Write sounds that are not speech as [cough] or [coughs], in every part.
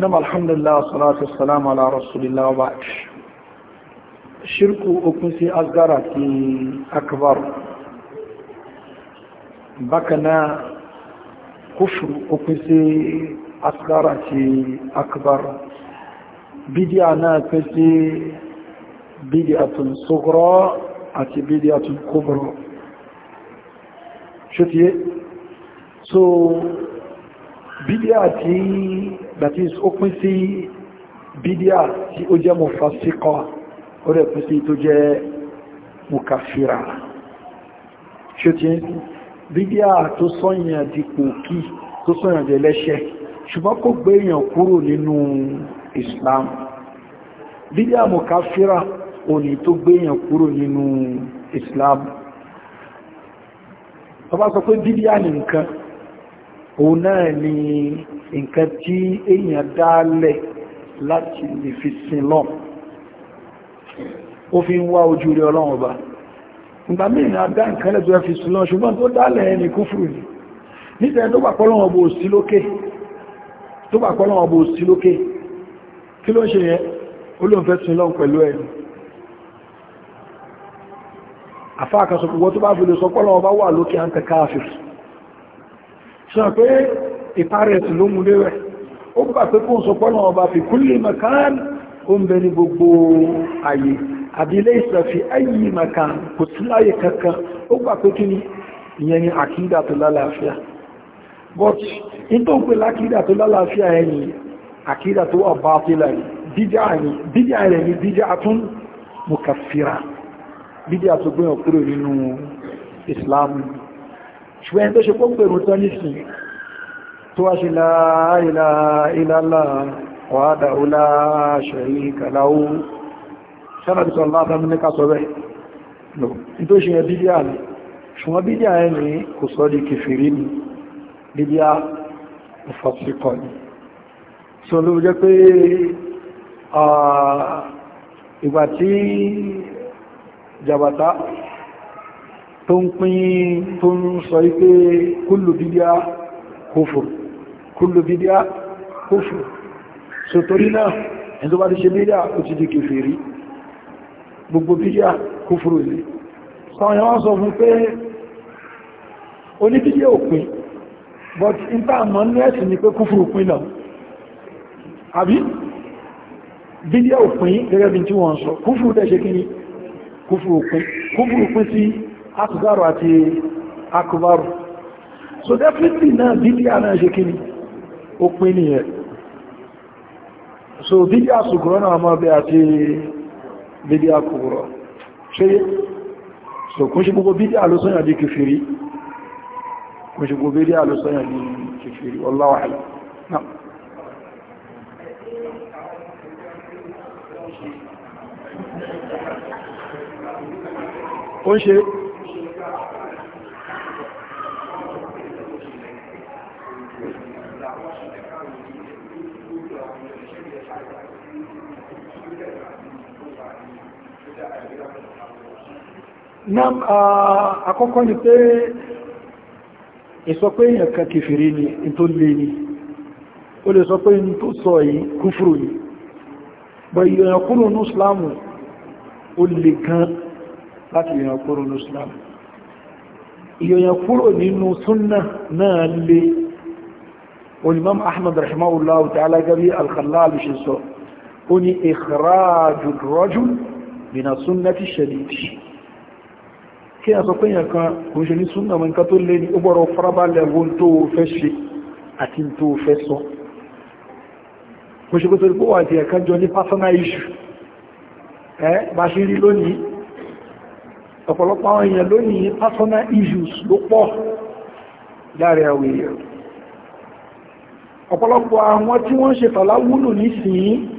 nam alhamdulillah salatu salamu ala rasulillah wa shirku okun sí asgara ti akbar bákaná kúfùrù okun sí asgara ti akbar bidiya náà pín sí bidiyatun sughra àti bidiyatun kubra ṣe so bídíà tí gbàtí ó pín sí bídíà tí ó jẹ́ mọ̀fásíkọ́ ó rẹ̀ pín sí tó jẹ́ mọ̀kàfíra ṣòtí bídíà tó sọ́yìn àdìpò kí tó sọ́yìn àdẹ̀lẹ́ṣẹ́ ṣùgbọ́n kò gbé èèyàn kúrò nínú Islam bídíà mọ̀kàfíra òní tó gbé èèyàn kúrò nínú Islam ọba sọ pé bídíà nìkan òun náà ni nǹkan tí èèyàn dálẹ̀ láti lè fi sin lọ́n ó fi ń wá ojú rẹ ọlọ́run ọba ìgbà mìíràn adá nǹkan lẹ́tọ́ fi sin lọ́n ṣùgbọ́n tó dálẹ̀ ẹni kúfùrù ni nítorí tó gbà pọ́lọ́run ọba òsí lókè tó gbà pọ́lọ́run ọba òsí lókè kí ló ń ṣe yẹn olóòfẹ́ sin lọ́n pẹ̀lú ẹni àfáà kan lókè ṣe pé ìparẹ̀ sí ló mú léwẹ̀ ó gbà pé kó ń sọ pọ́nà ọba fi kulli makan ó ń bẹ ní gbogbo ayé àbílẹ̀ ìsàfi ayé makan kò sí láyé kankan ó gbà pé kí ni ìyẹn ni àkídà tó lálàáfíà but in tó ń pè nínú islam ṣùgbọ́n tó ṣe kó pèrò tán nìsìn tó wá ṣe la ilaha illallah wahdahu la sharika lahu sánàbí sọ láta ní ká sọ bẹ́ẹ̀ ní tó ṣe yẹn bídíà ní ṣùgbọ́n bídíà yẹn ni kò sọ di kìfìrí ni bídíà ìfọ̀síkọ̀ tó ń pín tó ń sọ ipé kullu bid'a kufur kullu bid'a kufur so torí náà ẹni tó bá ti ṣe bídá ó ti di kèfèrí gbogbo bídá kufuru ilé sọ́wọ́n yawon sọ fún pé oníbídá òpin but in ta mọ̀ ní ẹ̀sìn ni pé kufuru pín náà àbí bídá òpin gẹ́gẹ́ bí tí wọ́n sọ kufuru dẹ̀ ṣe kí ni kufuru pín sí asgaru àti akubaru so definitely náà bídíà náà ṣe kí ni ó pín nìyẹn so bídíà sùgbọ́n náà máa bẹ àti bídíà kúrọ̀ ṣe so kún ṣe gbogbo bídíà ló sọ́yà di kìfìrí kún ṣe gbogbo bídíà ló sọ́yà di kìfìrí wallahu náà ó ṣe nam àkọ́kọ́ ni pé ìsọ pé èyàn kan kìfìrí ni tó lè ní ó lè sọ pé ní tó sọ yìí kúfùrù yìí bọ̀ ìyàn kúrò ní islamu ó lè gan láti ìyàn kúrò ní islamu ìyàn kúrò nínú súnnà náà lè olùmọ́m ahmad rahimahullahu ta'ala gari al-khallal ṣe sọ ó rajul bìnà súnnà ti ṣẹ̀lẹ̀ kí a sọ pé yàn kan kò ṣe ní súnnà mọ́ nǹkan tó lé ní ó gbọ́rọ̀ farabalẹ̀ wo tó fẹ́ ṣe àti tó fẹ́ sọ kò ṣe kó tó rí pé wà jọ ní personal issues ló pọ̀ láàrin àwọn èèyàn ọ̀pọ̀lọpọ̀ àwọn tí wọ́n ṣe fàláwúlò nísìnyí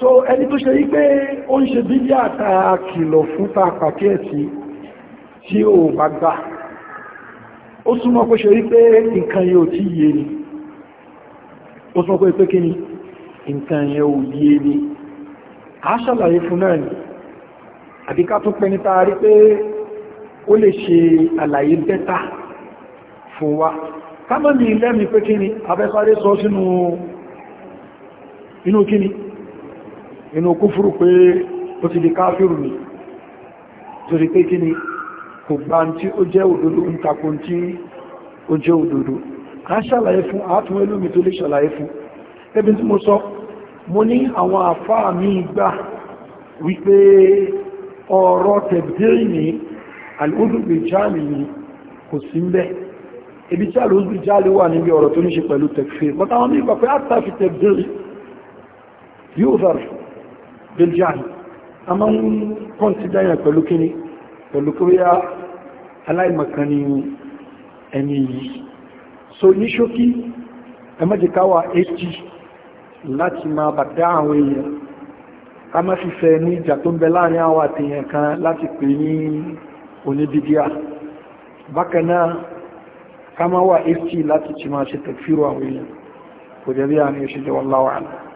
so ẹni tó ṣe wípé ó ń ṣe bíbí àtàkìlọ̀ fún ta pàkíyèsí tí ó bá gbà ó súnmọ́ kó ṣe wípé nǹkan yóò tí yé ni ó súnmọ́ kó ṣe pé kí ni nǹkan yẹn ò yé ni a ṣàlàyé fún náà ni àbíká tó pẹ́ níta rí pé ó lè ṣe àlàyé bẹ́tà fún wa kámọ́ mi lẹ́mi pé kí ni abẹ́sáré sọ sínú inú kí ni inú kúfúrú pé ó ti di káfíìrù ni torí pé kí ni kò gbá tí ó jẹ́ òdodo ń takò tí ó jẹ́ òdodo a ṣàlàyé fún àátún elómi tó lè ṣàlàyé fún ẹbí tí mo sọ mo ní àwọn àfáà mi gbà wípé ọ̀rọ̀ tẹ̀bẹ̀rẹ̀ ní alúdùgbè jáàmì biljani a máa ń kọ́ntidá yẹn pẹ̀lú kíní pẹ̀lú kí wíyá aláìmọ̀kan ni ẹni yìí so ní ṣókí ẹmọ́jìkáwà 80 láti máa bà dá àwọn èèyàn ká má fi fẹ́ ní ìjà tó ń bẹ láàrin àwọn àtèèyàn kan láti pè ní oníbídíà bákan náà má wà 80 láti ti máa ṣe tẹ̀fíru àwọn èèyàn kò jẹ́ bí àmì ìṣẹ́jọ́ wallahu a'lam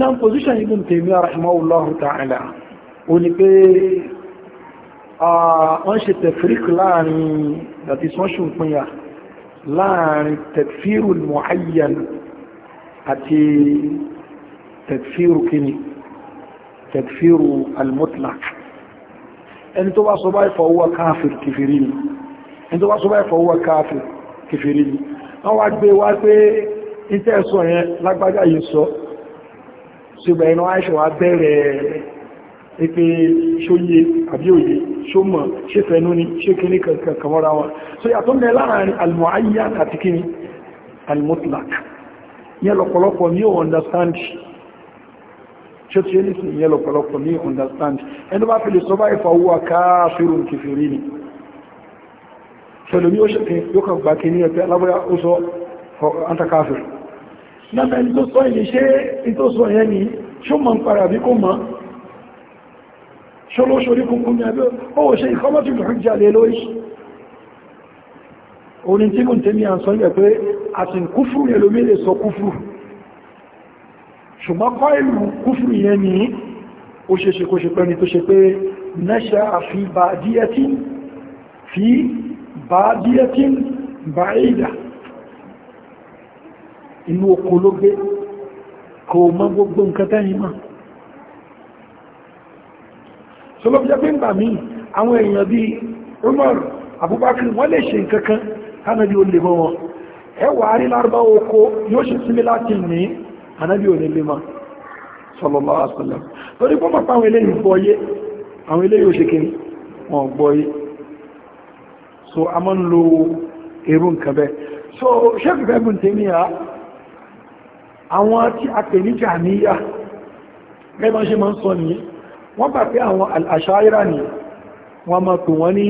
náà position Ibn Taymiyyah rahimahullahu ta'ala ó ní pé wọ́n ṣe tafriq láàrin àti sọ́ṣùn pinya láàrin tẹ̀fíìrù mu'ayyan àti tẹ̀fíìrù kíni tẹ̀fíìrù al-mutlaq ẹni tó bá sọ báyìí fa huwa káfir kìfìrí ni ẹni tó bá sọ báyìí fa huwa káfir kìfìrí ni wọ́n wá gbé wá pé ìtẹ́ẹ̀sọ tí gbà ẹnu àìṣẹ́ wa bẹ̀rẹ̀ pípé ṣóyé àbí òye ṣómọ̀ ṣéfẹ́nú ni ṣé kíní kankan mọ́ra wọn so yàtọ̀ ń bẹ láàrin al-mu'ayyan àti kíní al-mutlaq yẹn lọ́pọ̀lọpọ̀ ní ò understand ṣe tí ní sí yẹn lọ́pọ̀lọpọ̀ ní understand ẹni bá fi ni ṣẹlẹ̀ ní ó ní ẹgbẹ́ lábẹ́ ní tó sọ ilé ṣe ìtòsọ yẹn ni ṣó mọ̀ ń para bí kó mọ̀ ṣó ló ṣorí kúnkún ní abẹ́ ó ṣe ìkọ́mọ́tì ìrìnjà lé lórí orin tí mo ń tẹ́mí àǹsọ́ ilẹ̀ pé àti kúfù yẹn lómi lè sọ inú oko ló gbé kò mọ́ gbogbo nǹkan tẹ́yìn mọ́ so ló fi jẹ́ pé ń gbà mí àwọn èèyàn bí Umar Abubakar wọ́n lè ṣe nǹkan kan kánàbí ó lè mọ́ wọn ẹwà rí lárúbá oko yóò ṣe sílé láti ní ànábí ò ní lè mọ́ sallallahu so a máa ń lo èrò nǹkan so ṣẹ́fì fẹ́ bùn àwọn tí a pè ní jàmíyà gẹ́gbọ́n ṣe máa ń sọ ní wọ́n bà pé àwọn al'ashaira ni wọ́n máa pè wọ́n ní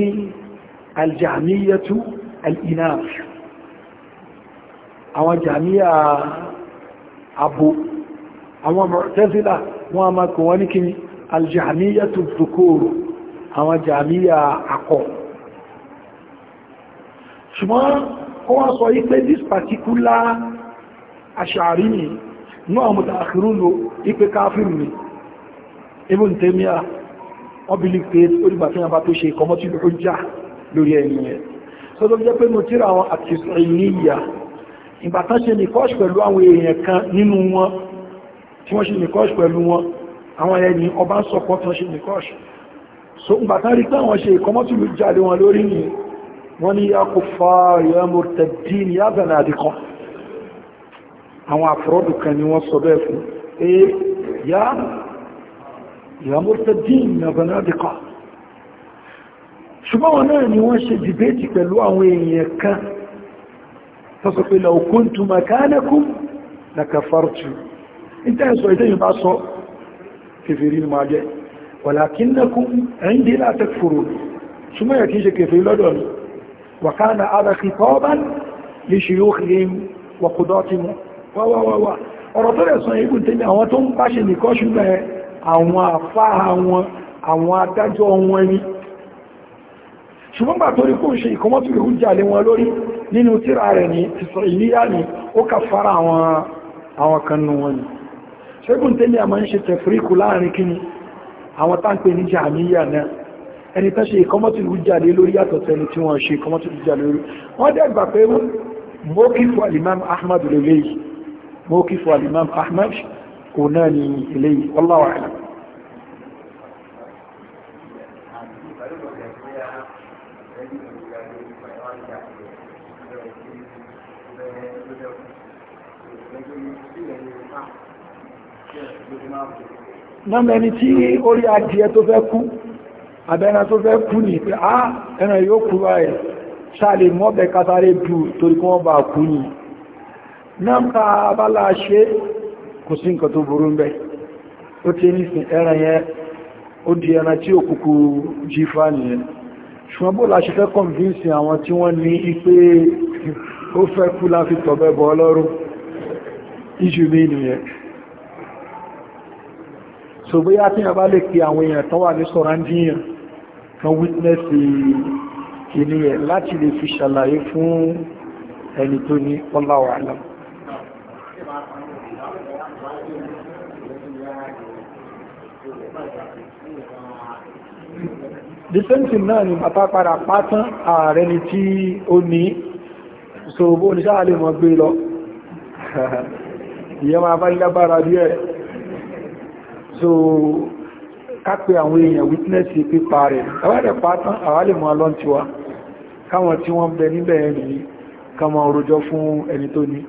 aljàmíyàtú al'inaf àwọn jàmíyà abo àwọn mọ̀tẹ́sílà wọ́n máa pè wọ́n ní kí aljàmíyàtú dhukuru àwọn jàmíyà akọ ṣùgbọ́n kọ́wọ́n sọ yí pé this particular aṣàrí ni náà mọ̀ta àkírú lo ipé káfíìmù ni ibùn tẹ́míà wọ́n bí lè pé orígbà tí wọ́n bá tó ṣe kọmọ́tí ló já lórí ẹni ẹ̀ sọ́dọ̀ jẹ́ pé mo tíra àwọn àtìsọ ìníyà ìbátan ṣe nìkọ́ṣ pẹ̀lú àwọn èèyàn kan nínú wọn tí wọ́n so ìbátan rí pé àwọn ṣe ìkọmọ́tí ló já lé wọn lórí ni wọ́n ya kò fa ìyá mọ̀tẹ̀dín ní yá bẹ̀rẹ̀ àdìkan àwọn àfúrọ́dù kan ni wọ́n sọ bẹ́ẹ̀ fún ẹ yá ìyàmọ́ta dín nàbànádìkà ṣùgbọ́n wọn náà ni wọ́n ṣe dìbẹ́tì pẹ̀lú àwọn èèyàn kan tọ́sọ pé law kuntu makanakum la kafartu ìtẹ́ẹ̀sọ ìtẹ́yìn bá sọ kèfèrí ni máa jẹ́ walakinnakum indi la takfurun ṣùgbọ́n yà kí ṣe kèfèrí lọ́dọ̀ ni wa kana hadha khitaban li shuyukhihim wa qudatihim wáwáwáwá ọ̀rọ̀ tó rẹ̀ sọ ikú tẹ́lẹ̀ àwọn tó ń báṣe nìkan ṣùgbẹ́ àwọn àfáà wọn àwọn adájọ́ wọn ni ṣùgbọ́n gbà torí kó ń ṣe ìkọmọ́tò ìhú jàlé ó kà fara àwọn kanú wọn ni ṣẹ́gùn tẹ́lẹ̀ àmọ́ ń ṣe tẹ̀fríkù láàrin kíni àwọn táǹpẹ̀ ní jàmíyà náà ẹni tán ṣe ìkọmọ́tò ìhú jàlé lórí yàtọ̀ tẹni tí wọ́n ṣe ìkọmọ́tò fún alimam ahmad lè léyìí موقف الإمام أحمد أوناني إليه والله أعلم náà ẹni tí orí adìẹ tó fẹ́ kú abẹ́ran tó fẹ́ kú ní pé á ẹran yóò kú báyẹ̀ sáà lè mọ́bẹ̀ kátàrí bú torí kí wọ́n bá kú yìí náà abala ṣe kò sí nǹkan tó burú bẹ́ ó ti ní sin ẹran yẹn ó di ẹran tí ó kúkú jí fánìyàn ṣùgbọ́n bó láṣẹ fẹ́ kọ̀nvínsì àwọn tí wọ́n ní ipé ó fẹ́ kú láti tọ̀bẹ̀ bọ́ ọlọ́rún ìjù mí nìyẹn so bóyá tí a bá lè pe àwọn èèyàn tán wà ní sọ̀rọ̀ndíyàn kan wítínẹ́sì kìíní láti lè fi ṣàlàyé fún ẹni tó ní ọláwàálàmù the náà ni bàbá padà pátán ààrẹ ni tí ó ní so bó ní sáà lè mọ́ gbé lọ [laughs] ìyẹn máa bá lágbára bí ẹ̀ so kápẹ́ àwọn èèyàn witness pípa rẹ̀ àwárẹ̀ pátán àwá lè mọ́ lọ́n tiwa káwọn tí wọ́n bẹ níbẹ̀ ẹ̀rìn kama orojọ́ fún ẹni tó ní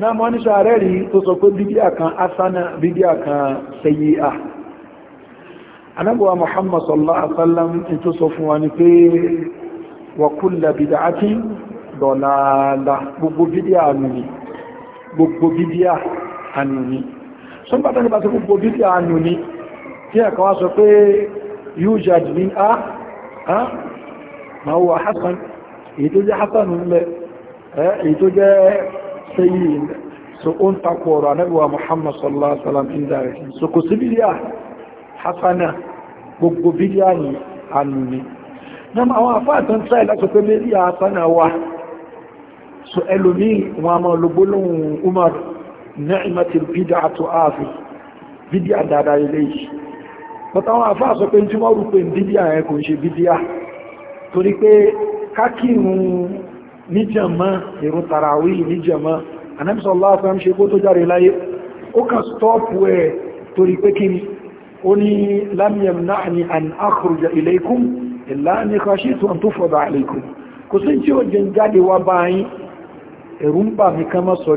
náà mọ́ ní ṣàárẹ́ rí tó sọ pé bídíà kan asana bídíà kan sayyi'a anábọ̀wà muhammad sallallahu alaihi wasallam tó sọ fún wa ní pé wa kullu bid'atin dalalah gbogbo bídíà ànúni gbogbo bídíà ànúni sọ́nbàtà nípa sí gbogbo bídíà ànúni tí ẹ̀kọ́ wá sọ pé yujad min jẹ́ sẹ́yìn so ó ń takò ọ̀rọ̀ anẹ́bíwa muhammad sallallahu alaihi wasallam indirect so kò sí bídíà hasana gbogbo bídíà ni ànú ni náà àwọn àfáà tó ń tráì láti pé bídíà hasana wà so ẹlòmí wọn a máa umar ni'matil bídíà tó áàfi bídíà dáadáa ilé yìí bọ́tà àwọn àfáà sọ pé tí wọ́n rú pé bídíà yẹn kò ń ṣe bídíà torí níjàmá ìrun tàràwí níjàmá anẹ́bìsọ̀ aláàfẹ́ ń ṣe kó tó járe láyé ó kà stọ́pù ẹ̀ torí pé kí ni ó ní lámìyàn náà ni an akhruja ilaykum illa ní khashitu an tufrada alaykum kò sí tí ó jẹ jáde wá bá yín ẹ̀rù ń bà mí ká má sọ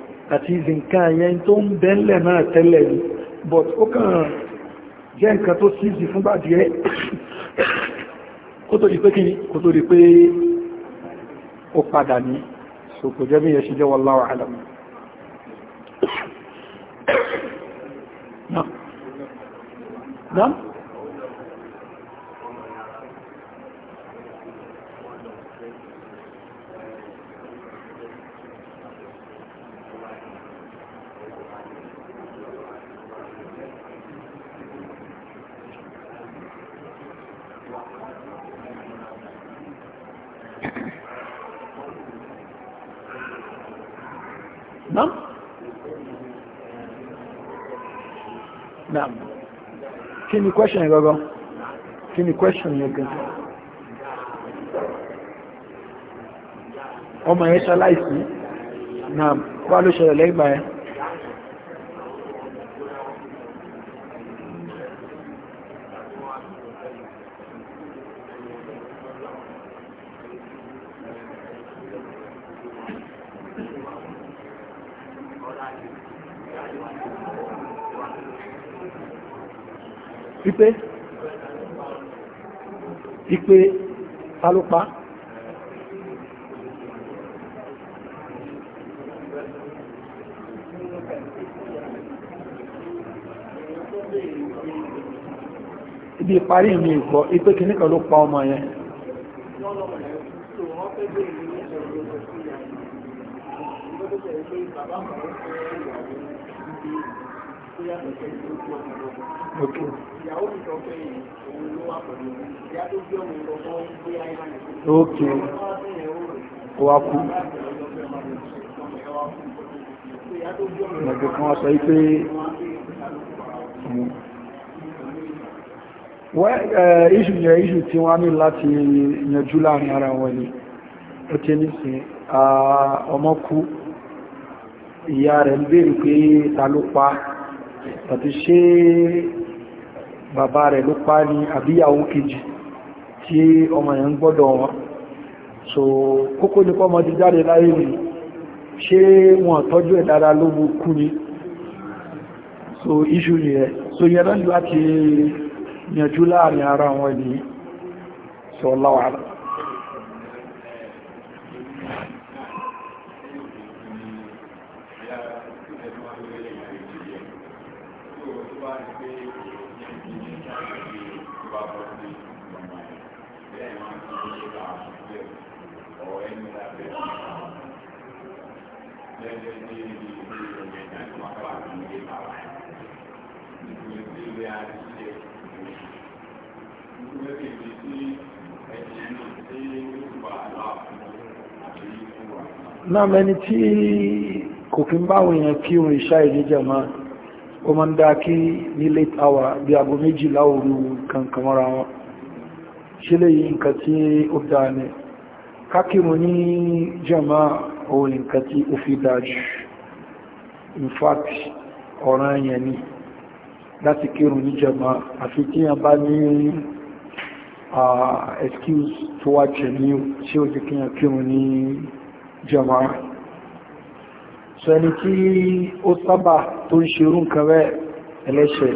àti ìzìnká yẹn tó ń bẹ́ńlẹ̀ náà tẹ́lẹ̀ ni but ó kàn jẹ́ nǹkan tó sízi fúngbà díẹ̀ kó tó di pé kí ni kó tó di pé ó padà ní so kò jẹ́ bí yẹn ṣe jẹ́ wallahu a'lam [coughs] Nam? Nam? ni question Gogo? gangan kí ni question yẹn gan ọmọ yẹn ṣaláìsí náà wá ló ṣẹlẹ̀ lẹ́gbàá yẹn. pé ipe talópa ibi ìparí mi ìgbọ́ ipé kìníkan ló pa ọmọ yẹn Bàbá mọ̀ tó yàtọ̀ ok ó wá kú. ìyàgbẹ́ kan wá sọ yí pé ìṣù yẹ ìṣù tí wọ́n ní láti yanjú láàrin ara wọn ni ó tí ní sí ọmọ kú ìyá rẹ̀ ń béèrè pé ta ló pa á tàbí ṣe bàbá rẹ̀ ló pa ní àbíyàwó kejì tí ọmọ yẹn gbọ́dọ̀ wọn so kókó ní kọ́mọ ti jáde láyé rí ṣe wọn tọ́jú ẹ̀ dára ló mú kú ni so iṣu ni ẹ̀ so yẹn lọ́nà láti yanjú láàrin ara wọn ni so láwàá ti pé ti ṣe ìwà bọ́ sí ìgbàgbọ́ bẹ́ẹ̀ máa ń náà mẹ́ni tí kò kí ń báwọn èèyàn kí ìṣá ìdíjẹ̀ máa ó máa ń dá kí late hour bí aago méjìlá òru kankan mọ́ra wọn ṣe lè yí nǹkan tí ó dáa ni kákìrún ní jàmá òun nǹkan tí in fact ọ̀ràn yẹn ni láti kírun ní jàmá àfi tí a bá ní excuse tó wá jẹ ní tí ó jẹ́ kí a kírun ní jàmá so ẹni tí ó sábà tó ń ṣerú nǹkan rẹ̀ ẹlẹ́ṣẹ̀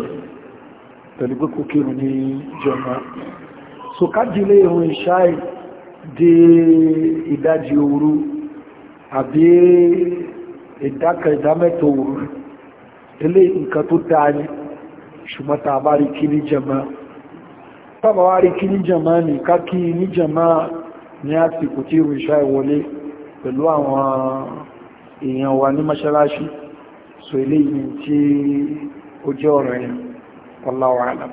pẹ̀lú pé kò kírù ní jọmọ so kájílé ìrun ìṣáì dé ìdájí òru àbí ìdáka ìdámẹ́ta òru ilé nǹkan tó dáa ní ṣùgbọ́n tá a bá rí kí ní jọmọ tọ́bà wá rí wa ní mọ́ṣáláṣí so eléyìí tí ó jẹ́ ọ̀rọ̀ ẹ̀yìn wallahu a'lam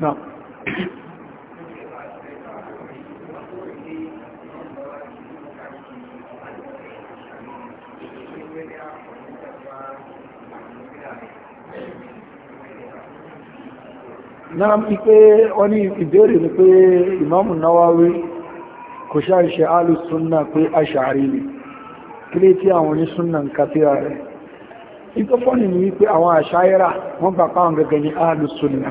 náà náà ní pé wọ́n ìbéèrè ní pé Imam Nawawi kò ṣáà ṣe alùsùn náà pé kílé tí àwọn onísúnnà ń kàfíra rẹ̀ ìtọ́fọ́nì ni wípé àwọn àṣáyẹ́rà wọ́n gbà pàwọn gẹ́gẹ́ ní ààlùsùnnà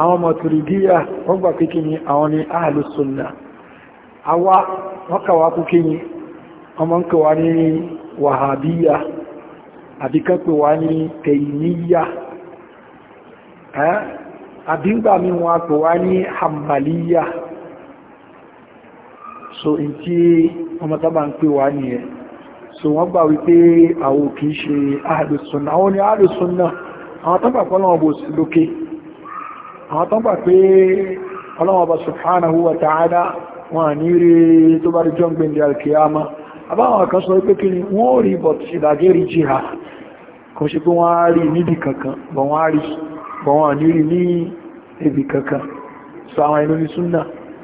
àwọn mọ̀tùrìdíyà wọ́n gbà pé kí àwọn ní ààlùsùnnà àwa wọ́n kàwà kú ni ọmọ ń so in tí ọmọ tábà ń pè wá nìyẹn so wọ́n gbà wípé àwọn kì í ṣe àdùsùnà àwọn ni àdùsùnà àwọn tábà pé ọlọ́wọ́ bò sí lókè àwọn tábà pé ọlọ́wọ́ bá subhanahu wa ta'ala wọn à ní rí tó bá rí john gbendi alkiyama àbáwọn kan sọ wípé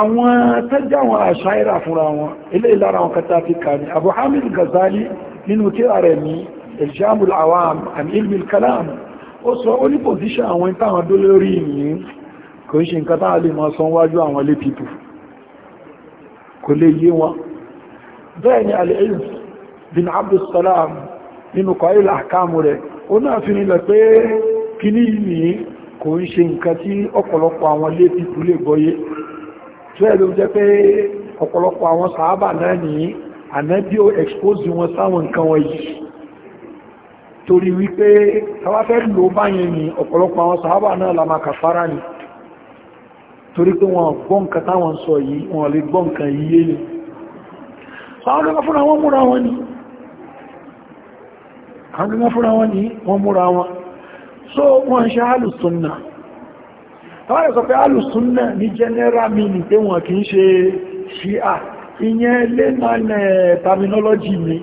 àwọn tẹ́jẹ́ àwọn àṣáyíra fúnra wọn ilé ìlara wọn kata fi kà ní Abu Hamid Ghazali nínú tíra rẹ̀ ní iljamul awam an ilmi kalam ó sọ ó ní pòsíṣà àwọn ìtàwọn dólórí ní kò ń ṣe nǹkan tàà lè máa sọ wájú àwọn lé pípù kò lè yé wọn bẹ́ẹ̀ ni al bin Abdussalam nínú kọ̀ọ́yìl àkámù rẹ̀ ó náà fi nílẹ̀ pé kíní yìí kò ń ṣe nǹkan tí ọ̀pọ̀lọpọ̀ àwọn lé pípù lè gbọ́yé tó ẹ̀lú jẹ́ pé ọ̀pọ̀lọpọ̀ àwọn sàábà náà ní ànábí ó expose wọn sáwọn nǹkan wọ̀nyí torí wípé tàwáfẹ́ lò báyẹn ní ọ̀pọ̀lọpọ̀ àwọn sàábà náà la máa kàfárá ni torí pé wọn gbọ́ nǹkan táwọn sọ yìí wọn lè gbọ́ nǹkan yíyé ni àwọn ọmọ fúnra wọn múra wọn ni àwọn ọmọ fúnra wọ́n múra so wọ́n ṣe hálù sunnah àwọn ẹ̀sọ̀ pé alùsúnnà ní general meaning pé wọ́n kìí ṣe ṣíà ìyẹn lè máa nẹ terminology mi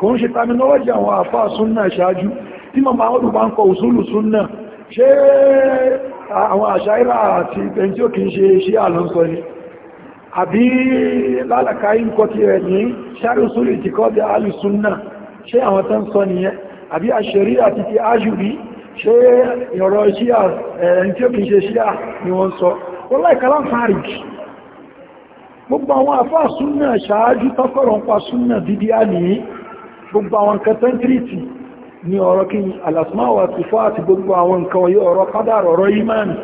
kò ń ṣe terminology àwọn àfá súnnà ṣáájú tí mọ̀ máa ọdún bá ń kọ òsúlù súnnà ṣe àwọn àṣáírà àti ẹni tí ó kìí ṣe ṣíà ló sọ ni àbí lálàkà ìkọ rẹ̀ ní ṣe ìrọ̀ ṣíà ẹ̀rẹ̀ tí ó kìí ṣe ṣíà ni wọ́n sọ wọ́n láìkàlá fàáríkì gbogbo àwọn àfáà súnnà ṣáájú tọ́kọ̀rọ̀ ń pa súnnà dídí á ní gbogbo àwọn kẹtẹ́ntìrìtì ni ọ̀rọ̀ kí alàsmáwà ti fọ́ àti gbogbo àwọn nǹkan yí ọ̀rọ̀ kádàrọ̀ ọ̀rọ̀ ìmánì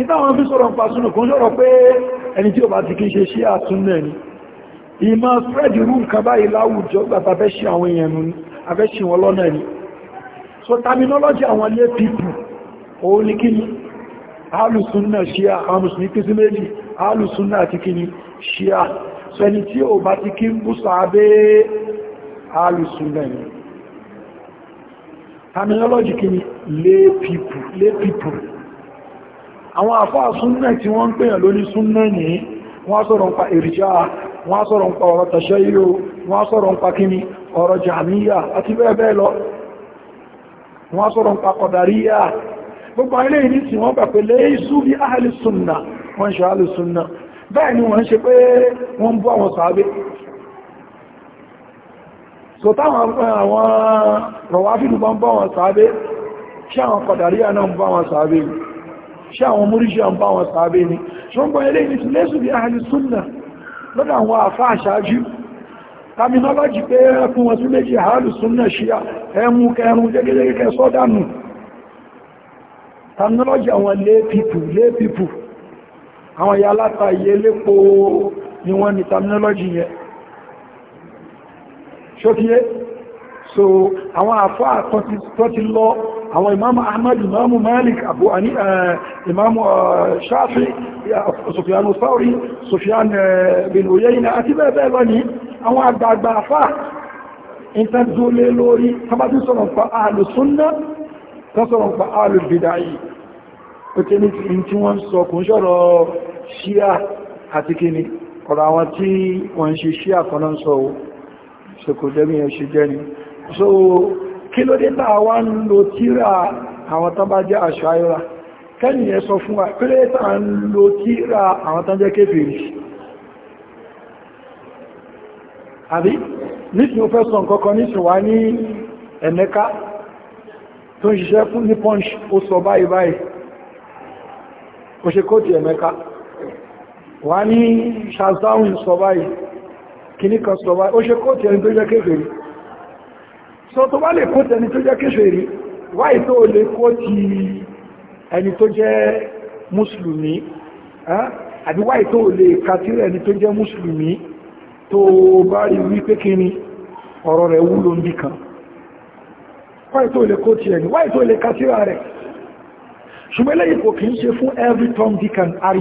ìtàwọn fi sọ̀rọ̀ ń pa spread irú nǹkan báyìí láwùjọ gbàtà fẹ́ ṣe àwọn èèyàn so terminology àwọn lay people òun ni kí ni alùsúnnà ṣíà àwọn musulmi kí sí méjì àti kí ṣíà so ẹni tí o bá ti kí ń bú sàábé alùsúnnà ni terminology kí ni lay people lay people àwọn àfáà súnnà tí wọ́n ń pèyàn lóní súnnà ní wọ́n sọ̀rọ̀ pa ìrìjá wọ́n sọ̀rọ̀ pa ọ̀rọ̀ tàṣẹ́ yíò wọ́n sọ̀rọ̀ ń pa kíni ọ̀rọ̀ jàmíyà àti bẹ́ẹ̀ bẹ́ẹ̀ lọ wọ́n sọ̀rọ̀ ń pàkọ̀dàríyà gbogbo ilé ìní tí wọ́n pẹ̀pẹ̀ léṣù bí ahàlùsùnà wọ́n ṣe ahàlùsùnà bẹ́ẹ̀ ni wọ́n ṣe pé wọ́n bú àwọn sàábé so táwọn rọ̀wáfíìlú bá ń bá wọn sàábé ṣe àwọn kọ̀dàríyà náà ń bá wọn sàábé ni ṣe àwọn múríṣẹ́ ń bá terminology pé ẹkùn wọn sí méjì àálù súnnà ṣíyà ẹmú kẹrùn jẹ́gẹ́gẹ́ kẹsọ́ dánù terminology àwọn lay people lay people àwọn ya láta iye lépo ni wọ́n ni terminology yẹn ṣókíyé so àwọn àfáà tó ti lọ àwọn imamu ahmad imamu malik abu ani imam shafi sufyan sauri sufyan bin uyayna àti bẹ́ẹ̀ bẹ́ẹ̀ lọ ni àwọn àgbààgbà àfà ìtàdúlé lórí tàbátí sọ̀rọ̀ pa ààlù súnná tọ́sọ̀rọ̀ pa ààlù bìdáyì ó tẹ́ ní tí wọ́n sọ kún sọ̀rọ̀ ṣíà àti kíni ọ̀rọ̀ àwọn tí wọ́n ṣe ṣíà kanáà sọ ṣekùdẹ́mì ẹ̀ṣẹ́ jẹ́ ni so kí ló dé tàà wá ń lo tíra àwọn tán bá jẹ́ àṣà ayọ́ra kẹ́yìn àbí nítí o fẹ́ sọ nǹkankan nítí wà ní ẹ̀mẹ́ká tó ń ṣiṣẹ́ fún ní punch ó sọ báyìí báyìí ó ṣe kóòtù ẹ̀mẹ́ká wà ní ṣàzáhùn sọ báyìí kìní kan sọ báyìí ó ṣe kóòtù ẹni tó jẹ́ kéfèrí sọ tó bá lè kóòtù ẹni tó jẹ́ kéfèrí wáyìí tó lè kóòtù ẹni tó jẹ́ mùsùlùmí àbí wáyìí tó lè kàtírẹ̀ ẹni tó jẹ́ mùsùlùmí tó bá rí wípé kí ni ọ̀rọ̀ rẹ̀ wúlò ń bí kan wáyé tó lè kó ti ẹni wáyé tó lè ká síra rẹ̀ ṣùgbọ́n lẹ́yìn kìí ṣe fún every tom dick and harry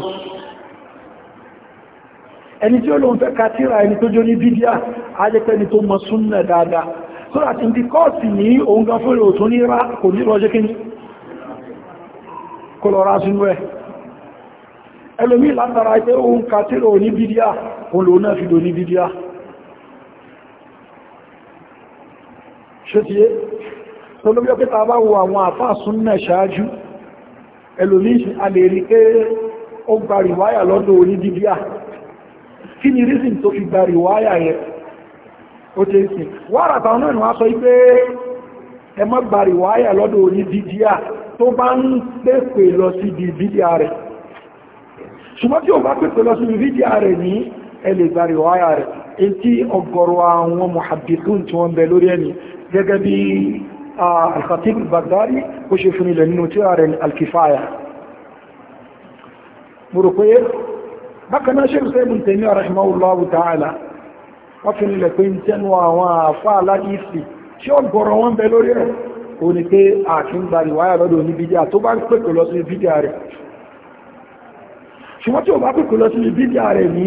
ẹni tí ó lóun fẹ́ ká síra ẹni tó jó ní bídíà ajẹ́pẹ́ni tó mọ súnnà dáadáa tó láti ní kọ́ọ̀tì ní ẹlòmí látara pé ohun kàtírò ní bídíà olóò náà fi dò ní bídíà ṣe tí é tó ló bí ó pẹ́ta bá wo àwọn àfáà súnnà ṣáájú ẹlòmí a lè rí pé ó gba rìwáyà lọ́dọ̀ oní bídíà kí ni rízìn tó fi gba rìwáyà yẹn ó tẹ́ ìsìn wára tàwọn náà wá bá ń pèpè lọ sí bídíà rẹ̀ ṣùgbọ́n tí o bá pẹ̀pẹ̀ lọ sí fídíà rẹ̀ ní ẹlẹ́gbàrí wáyà rẹ̀ in tí ọgọ̀rọ̀ àwọn muhaddithun tí wọ́n bẹ lórí ẹni gẹ́gẹ́ bí al-Khatib al-Baghdadi ó ṣe fún ilẹ̀ nínú tí ààrẹ al-Kifaya mùrùkúyé bákaná ṣe rú sẹ́bùn tẹ̀mí rahimahullahu ta'ala wọ́n fi nílẹ̀ pé ń ṣùgbọ́n tí ó bá pẹ̀kù lọ sí bídí ààrẹ ní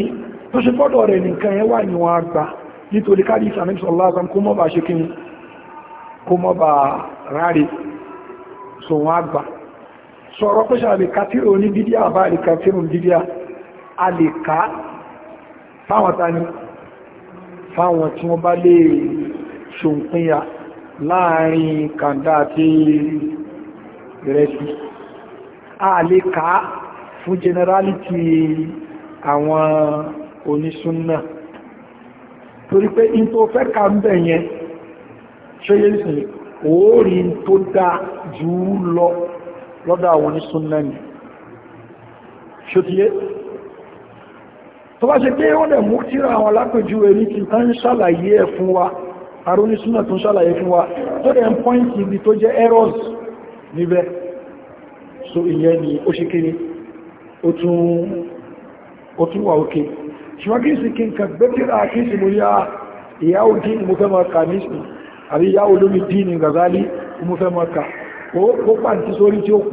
tó ṣe fọ́dọ̀ rẹ̀ nìkan ẹ wà níwọ̀n àgbà nítorí kárí ìsànẹ́sọ̀ lásán kó mọ́ bá ṣe kí kó mọ́ bá ráre sọ̀wọ́n àgbà sọ̀rọ̀ pé ṣe àlèkátírò ní bídí àbá àlèkátírò bídí àlèká fáwọn tani fáwọn láàrin kàndá àti rẹ̀sì àlèká fún generality àwọn onísúnnà torí pé in tó fẹ́ ká ń bẹ̀ yẹn ṣéyé sí òórí tó dá jù lọ lọ́dọ̀ àwọn onísúnnà ni ṣòtíyé tó bá ṣe pé wọ́n dẹ̀ mú tíra àwọn alápẹjú ẹni kí tán ń ṣàlàyé ẹ̀ fún wa arónísúnà tó ń ṣàlàyé fún wa tó dẹ̀ ń pọ́ìntì ibi tó jẹ́ errors níbẹ̀ so ìyẹn ni ó ṣe kéré ó tún wà òkè ṣùgbọ́n kí sí kí n kàn gbẹ́tẹ̀rà kí sí mo yá ah, ìyáwó dín mo fẹ́ máa kà nísìn àbí ìyáwó lómi dín ní Ghazali mo fẹ́ máa kà ó pàǹtí sórí tí ó ah,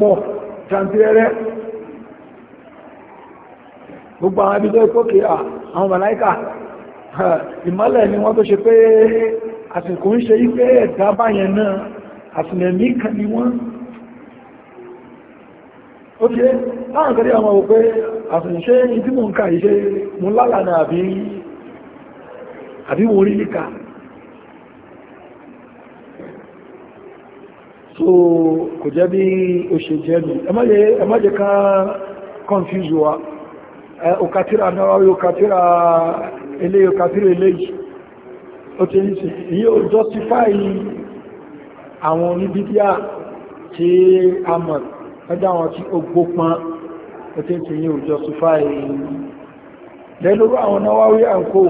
ni wọ́n tó ṣe pe, àsìkò ń ṣe ipé ẹ̀dá báyẹn náà kan ni wọ́n ó ti láàrín kẹrẹ ọmọ òpé àtúnṣe ndị mò ń ká ìṣe mú lálànà àbí mo so kò jẹ́ bí o ṣe jẹ́ mi ẹ má confuse wa ọkàtíra náà òkàtíra ilé òkàtíra ilé yìí o justify àwọn oníbíbíà tí a ẹjọ́ àwọn tí ó gbópọn ẹtíntì ní òjò sùfà èyí lẹ́lórú àwọn náwáwí àǹkó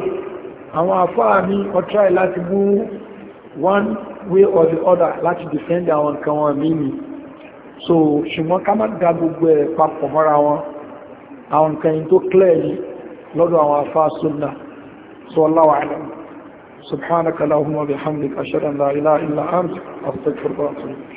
àwọn àfáà ní ọ̀tráì láti mú one way or the other láti defend àwọn nǹkan wọn mímí so ṣùgbọ́n ká má ga gbogbo ẹ̀ papọ̀ mọ́ra wọn àwọn nǹkan yìí tó clear yìí lọ́dọ̀ àwọn àfáà sunna so Allahu a'lam subhanaka allahumma wa bihamdika ashhadu an la ilaha illa anta astaghfiruka wa